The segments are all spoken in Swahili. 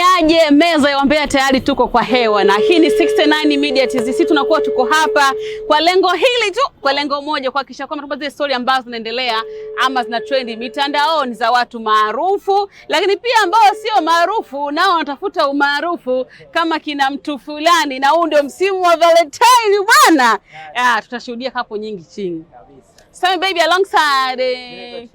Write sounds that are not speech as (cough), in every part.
Niaje meza ya wambea, tayari tuko kwa hewa na hii ni 69 Media TZ. Sisi tunakuwa tuko hapa kwa lengo hili tu, kwa lengo moja, kuhakikisha kwamba tupate zile story ambazo zinaendelea ama zina trend mitandaoni za watu maarufu, lakini pia ambao sio maarufu nao wanatafuta umaarufu kama kina mtu fulani, na huu ndio msimu wa Valentine bwana. Ah, tutashuhudia hapo nyingi chini. Sasa baby alongside eh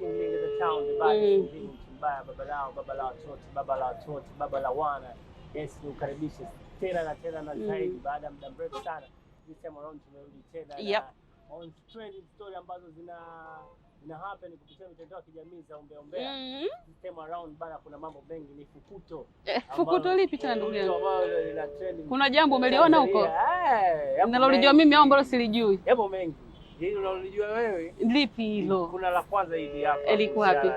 mbaya, baba lao, baba la watoto, baba la watoto, baba la wana. Yesu ukaribishe tena na tena na mm. zaidi. mm. baada ya muda mrefu sana mwanangu, tumerudi tena yep. na on trending story ambazo zina zina happen kupitia mitandao ya kijamii za umbea umbea mm -hmm. around bana, kuna mambo mengi ni fukuto eh, fukuto lipi tena ndugu yangu? Kuna jambo umeliona huko eh, ninalolijua mimi au ambalo silijui? Yapo mengi, hilo unalolijua wewe lipi hilo? Kuna la kwanza hivi hapa, Ilikuwa wapi?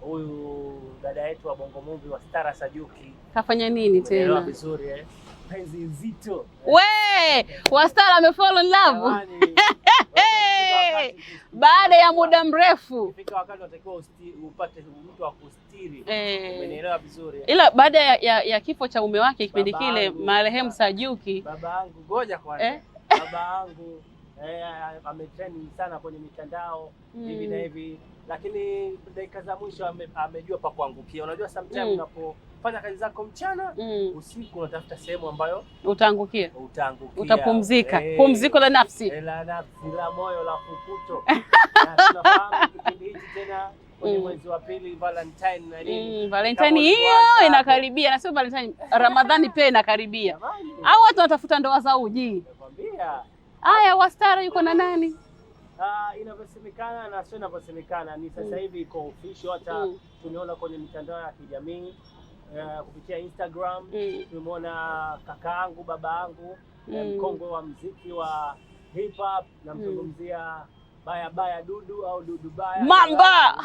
huyu dada yetu wa Bongo Movie wa Stara Sajuki kafanya nini tena Ndio vizuri eh? Penzi nzito we wa Stara ame fall in love (laughs) baada ya muda mrefu, Ifika wakati unatakiwa upate mtu wa kustiri eh. Umenielewa vizuri, eh? ila baada ya, ya, ya kifo cha mume wake kipindi kile marehemu Sajuki, baba yangu, ngoja kwanza, eh? baba yangu eh, sana kwenye mitandao mm. hivi na hivi, lakini dakika za mwisho ame, amejua pa kuangukia. Unajua sometimes mm. unapofanya kazi zako mchana mm. usiku unatafuta sehemu ambayo utaangukia, utaangukia, utapumzika eh. pumziko la nafsi eh, la nafsi la moyo la fukuto (laughs) na kipindi hichi tena kwenye mm. mwezi wa pili Valentine na nini, mm, Valentine hiyo inakaribia, na sio Valentine, Ramadhani pia inakaribia, au watu wanatafuta ndoa za uji Haya, Wastara yuko na nani? Uh, inavyosemekana na sio inavyosemekana ni sasa mm. hivi mm. iko official hata mm. tumeona kwenye mitandao ya kijamii uh, kupitia Instagram mm. tumeona kakaangu babaangu eh, mm. mkongwe wa mziki wa hip hop namzungumzia mm baya baya dudu au dudu baya mamba (laughs)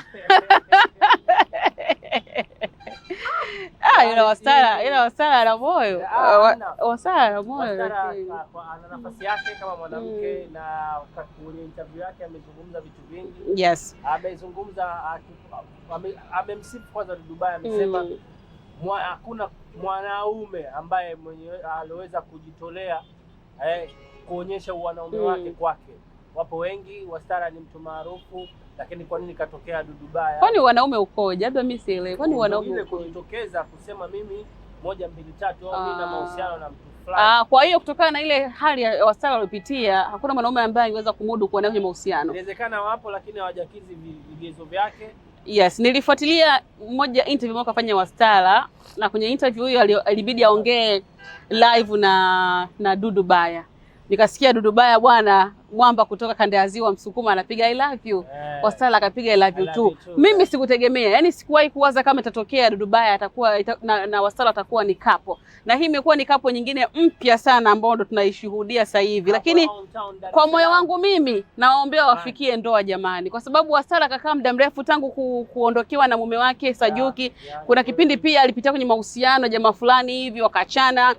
ah, ila Wastara ila Wastara na moyo, ah, Wastara ana moyo ana nafasi yake kama mwanamke, mm. na kwenye interview yake amezungumza vitu vingi. Yes, amezungumza amemsifu kwanza dudubaya amesema mm. hakuna mwanaume ambaye mwenye aliweza kujitolea eh, kuonyesha uwanaume mm. wake kwake wapo wengi. Wastara ni mtu maarufu, lakini kwa nini katokea dudu baya? Kwani wanaume ukoje? Labda mimi sielewi, kwani wanaume ile kujitokeza kusema mimi moja mbili tatu au nina ah. mahusiano na mtu ah, fulani. Kwa hiyo kutokana na ile hali ya Wastara aliyopitia, hakuna mwanaume ambaye angeweza kumudu kuwa naye mahusiano. Inawezekana wapo, lakini hawajakidhi vigezo vyake. Yes, nilifuatilia moja interview ambayo kafanya Wastara na kwenye interview hiyo alibidi aongee live na na Dudu Baya. Nikasikia Dudu Baya bwana mwamba kutoka kanda ya ziwa Msukuma anapiga I love you yeah. Wasala akapiga I love you tu. Mimi sikutegemea, yani sikuwahi kuwaza kama itatokea Dudubaya atakuwa ita, na, na Wasala atakuwa ni kapo, na hii imekuwa ni kapo nyingine mpya sana ambayo ndo tunaishuhudia sasa hivi, lakini kwa moyo wangu mimi nawaombea wafikie ndoa jamani, kwa sababu Wasala kakaa muda mrefu tangu ku, kuondokewa na mume wake Sajuki yeah. Yeah. Kuna kipindi pia alipitia kwenye mahusiano jamaa fulani hivi wakachana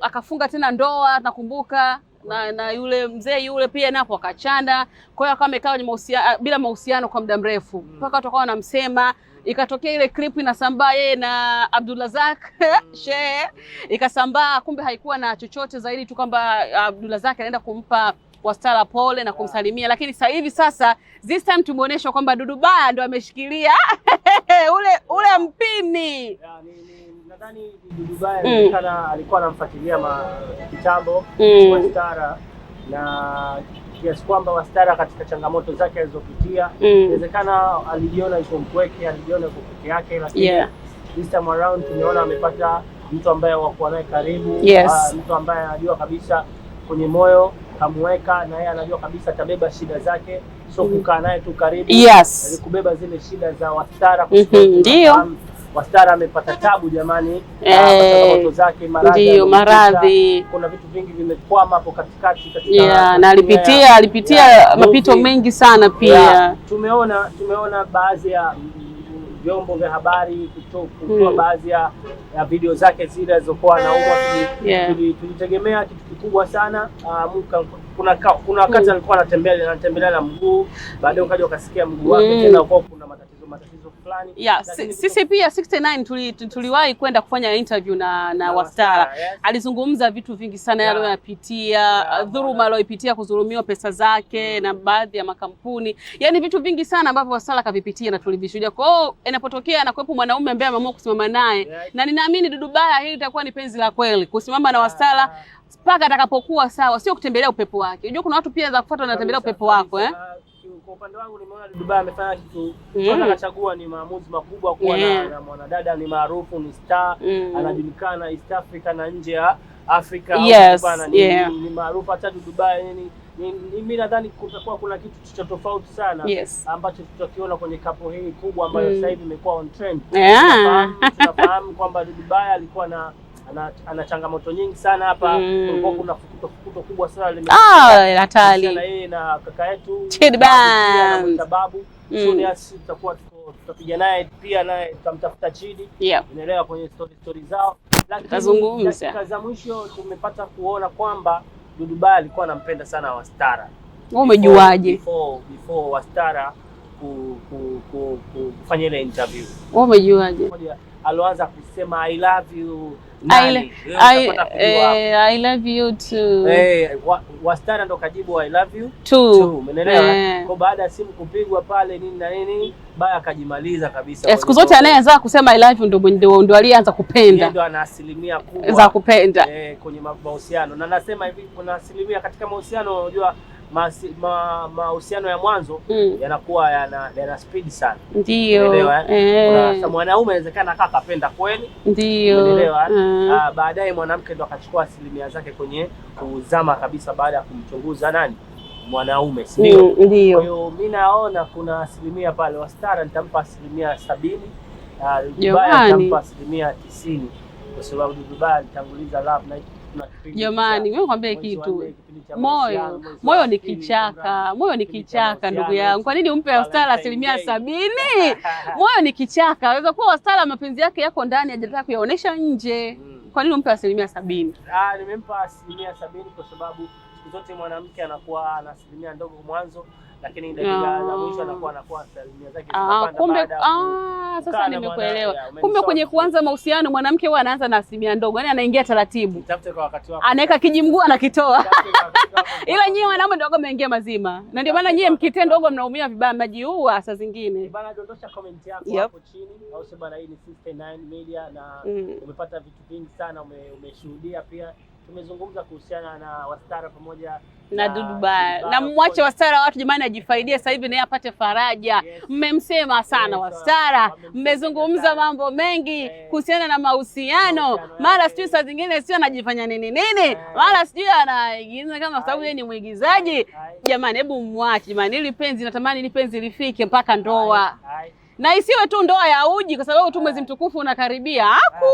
Akafunga tena ndoa nakumbuka na, na yule mzee yule pia napo akachanda Kwa hiyo akawa amekaa mahusiano ah, bila mahusiano kwa muda mrefu mm. mpaka watu wakawa wanamsema mm. ikatokea ile clip inasambaa yeye na Abdulrazak (laughs) mm. Shehe, ikasambaa kumbe haikuwa na chochote zaidi tu kwamba ah, Abdulrazak anaenda kumpa Wastara pole na ah. kumsalimia, lakini sasa hivi sasa this time tumeonyeshwa kwamba Dudu Baya ndo ameshikilia (laughs) ule ule mpini yani, nadhani mm. alikana alikuwa anamfuatilia kitambo mm. Wastara na kiasi kwamba Wastara katika changamoto zake alizopitia mm. inawezekana alijiona iko mpweke, alijiona iko peke yake, lakini this time around tumeona amepata mtu ambaye wakuwa naye karibu yes. Ah, mtu ambaye anajua kabisa kwenye moyo kamweka na yeye anajua kabisa atabeba shida zake, so mm-hmm. kukaa naye tu karibu yes. kubeba zile shida za Wastara mm-hmm. ndio Mastara amepata tabu jamani, eh, ah, changamoto zake, maradhi, maradhi, kuna vitu vingi vimekwama hapo katikati katika yeah, na alipitia alipitia mapito mengi sana pia yeah. tumeona tumeona baadhi ya vyombo vya habari kutoa hmm, baadhi ya, ya video zake zile alizokuwa anaumwa, tulitegemea yeah, kitu kikubwa sana uh, kuna wakati kuna hmm, alikuwa anatembea anatembelea na mguu, baadaye ukaja ukasikia mguu wake hmm. tena fulani. Yeah, sisi pia 69 tuliwahi kwenda kufanya interview na na Wastara. Alizungumza vitu vingi sana yale yeah, uh, dhuluma aliyopitia, kuzulumiwa pesa zake mm. na baadhi ya makampuni. Yaani vitu vingi sana ambavyo Wastara kavipitia na tulivishuhudia. Kwa hiyo inapotokea anakuwepo mwanaume ambaye ameamua kusimama naye na ninaamini Dudu Baya hili litakuwa ni penzi la kweli kusimama na Wastara mpaka atakapokuwa sawa, sio kutembelea upepo wake. Unajua kuna watu pia za kufuata wanatembelea upepo wako eh? kwa upande wangu nimeona Dudubaya amefanya kitu mm. anachagua ni maamuzi makubwa kuwa yeah. na, na mwanadada ni maarufu, ni star mm. anajulikana East Africa na nje ya Afrika yes. ni, yeah. ni, ni maarufu hata Dudubaya ni, mimi nadhani kutakuwa kuna kitu cha tofauti sana yes. ambacho tutakiona kwenye kapo hii kubwa ambayo mm. sasa hivi imekuwa on trend. Tunafahamu (laughs) kwamba Dudubaya alikuwa na ana, ana changamoto nyingi sana hapa mm. Kuna fukuto fukuto kubwa sana limetokea ah, na yeye na kaka yetu babu mm. tutakuwa tutapiga naye pia naye tutamtafuta Chidi, unaelewa, kwenye story story zao. Lakini za mwisho tumepata kuona kwamba Dudu alikuwa anampenda sana Wastara. Umejuaje? Before, before Wastara ku, ku, ku, kufanya ile interview. Umejuaje? Alianza kusema I love you I, I, eh, I love you too. Hey, eh, wasichana ndo kajibu I love you too. Umeelewa? Eh. Kwa baada ya simu kupigwa pale nini na nini, baya akajimaliza kabisa. Siku zote anayeanza kusema I love you ndo ndo ndo alianza kupenda. Ndio ana asilimia kubwa za kupenda. Eh, kwenye mahusiano. Na nasema hivi kuna asilimia katika mahusiano unajua mahusiano ma, ya mwanzo mm. yanakuwa yana, yana speed sana, ndio eh. eh. Mwanaume inawezekana kaa kapenda kweli, ndio mm. baadaye mwanamke ndo akachukua asilimia zake kwenye kuzama kabisa, baada ya kumchunguza nani mwanaume, si ndio? Hmm, ndio. Kwa hiyo mimi naona kuna asilimia pale, wastara nitampa asilimia sabini na ah, nitampa asilimia tisini kwa sababu vibaya nitanguliza love na Jamani, kwambia kitu moyo moyo ni kichaka, moyo ni kichaka ndugu yangu. Kwa nini umpe wastara asilimia sabini? (laughs) Moyo ni kichaka, aweza kuwa wastara mapenzi yake yako ndani, hajataka kuyaonesha nje. Mm. Kwa nini umpe asilimia sabini? Ah, nimempa asilimia sabini kwa sababu siku zote mwanamke anakuwa ana asilimia ndogo mwanzo lakini dakika za ah. mwisho anakuwa anakuwa salimia zake ah, Kumbe ah, sasa nimekuelewa. Kumbe kwenye kuanza mahusiano mwanamke huwa anaanza na asilimia ndogo, yani anaingia taratibu, anaweka kijimguu anakitoa, (laughs) ila nyie wanaume ndogo mmeingia mazima, na ndio maana nyie mkitee ndogo mnaumia vibaya, mnajiua saa zingine bana. Dondosha comment yako hapo chini, au sema bana, hii ni 69 media na mm. umepata vitu vingi sana, umeshuhudia pia. Tumezungumza kuhusiana na wastara pamoja na Dudu Baya, na mwache Wastara watu jamani, ajifaidie sasa hivi naye apate faraja. Mmemsema sana Wastara, mmezungumza mambo mengi kuhusiana na mahusiano, mara sijui saa zingine sio anajifanya nini nini, mara sijui anaigiza kama sababu yeye ni mwigizaji. Jamani, hebu mwache jamani, ili penzi natamani ni penzi lifike mpaka ndoa na isiwe tu ndoa ya uji, kwa sababu tu mwezi mtukufu unakaribia haku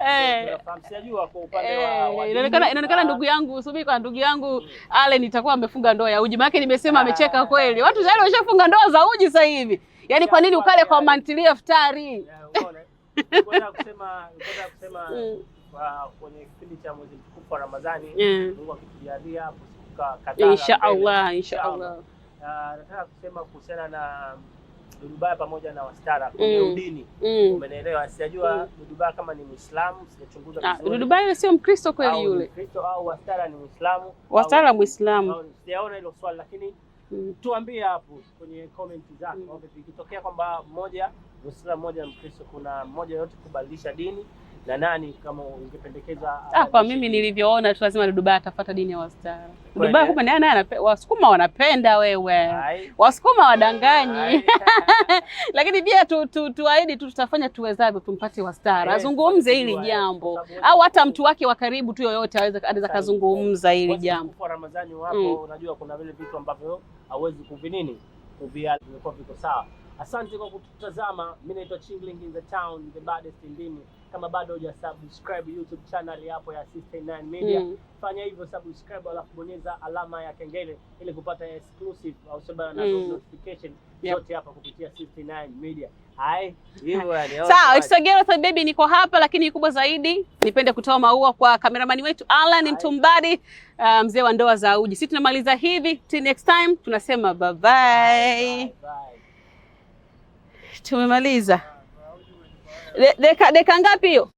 Eh. Eh, inaonekana ah. ndugu yangu subiri, kwa ndugu yangu mm. Ale nitakuwa amefunga ndoa ya uji, maanake nimesema amecheka ah. kweli, watu tayari washafunga ndoa za uji sasa hivi. Yaani kwa nini ukale kwa mantili ya kusema (laughs) hmm. kwenye kipindi cha mwezi mtukufu wa Ramadhani hmm. Mungu akitujalia kadhaa, Nataka kusema kuhusiana na Dudubaya pamoja na wastara kwenye mm. udini mm. Umenielewa? Sijajua mm. Dudubaya kama ni Muislamu, sijachunguza ah, vizuri. Dudubaya sio Mkristo kweli yule, Mkristo au wastara ni Muislamu, wastara Muislamu, sijaona hilo swali, lakini mm. tuambie hapo kwenye comment zako mm. ikitokea kwamba mmoja Muislamu mmoja Mkristo, kuna mmoja yote kubadilisha dini na nani kama ungependekeza? Uh, ah, kwa mimi nilivyoona tu lazima Dudubaya atafuata dini ya Wastara. Dudubaya kumbe naye naye Wasukuma wanapenda wewe. Wasukuma wadanganyi. (laughs) Lakini pia tu, tu, tuahidi tu tutafanya tuwezavyo tumpate Wastara. Azungumze hili jambo au hata mtu wake wa karibu tu yoyote aweza anaweza kazungumza hili jambo. Kwa Ramadhani wapo, mm. unajua kuna vile vitu ambavyo hauwezi kuvinini kuvialikua viko sawa Asante kwa kututazama. Mimi naitwa Chingling in the Town, the baddest ndimi. Kama bado huja subscribe YouTube channel yapo ya 69 Media mm. Fanya hivyo subscribe, alafu bonyeza alama ya kengele ili kupata exclusive au sababu na mm. notification yep. zote hapa kupitia 69 Media. Hai, hivyo (laughs) sawa Isogero the baby, niko hapa lakini kubwa zaidi nipende kutoa maua kwa kameramani wetu Alan Mtumbadi, uh, mzee wa ndoa za uji. Sisi tunamaliza hivi till next time, tunasema bye bye, bye, bye tumemaliza. Deka deka ngapi hiyo?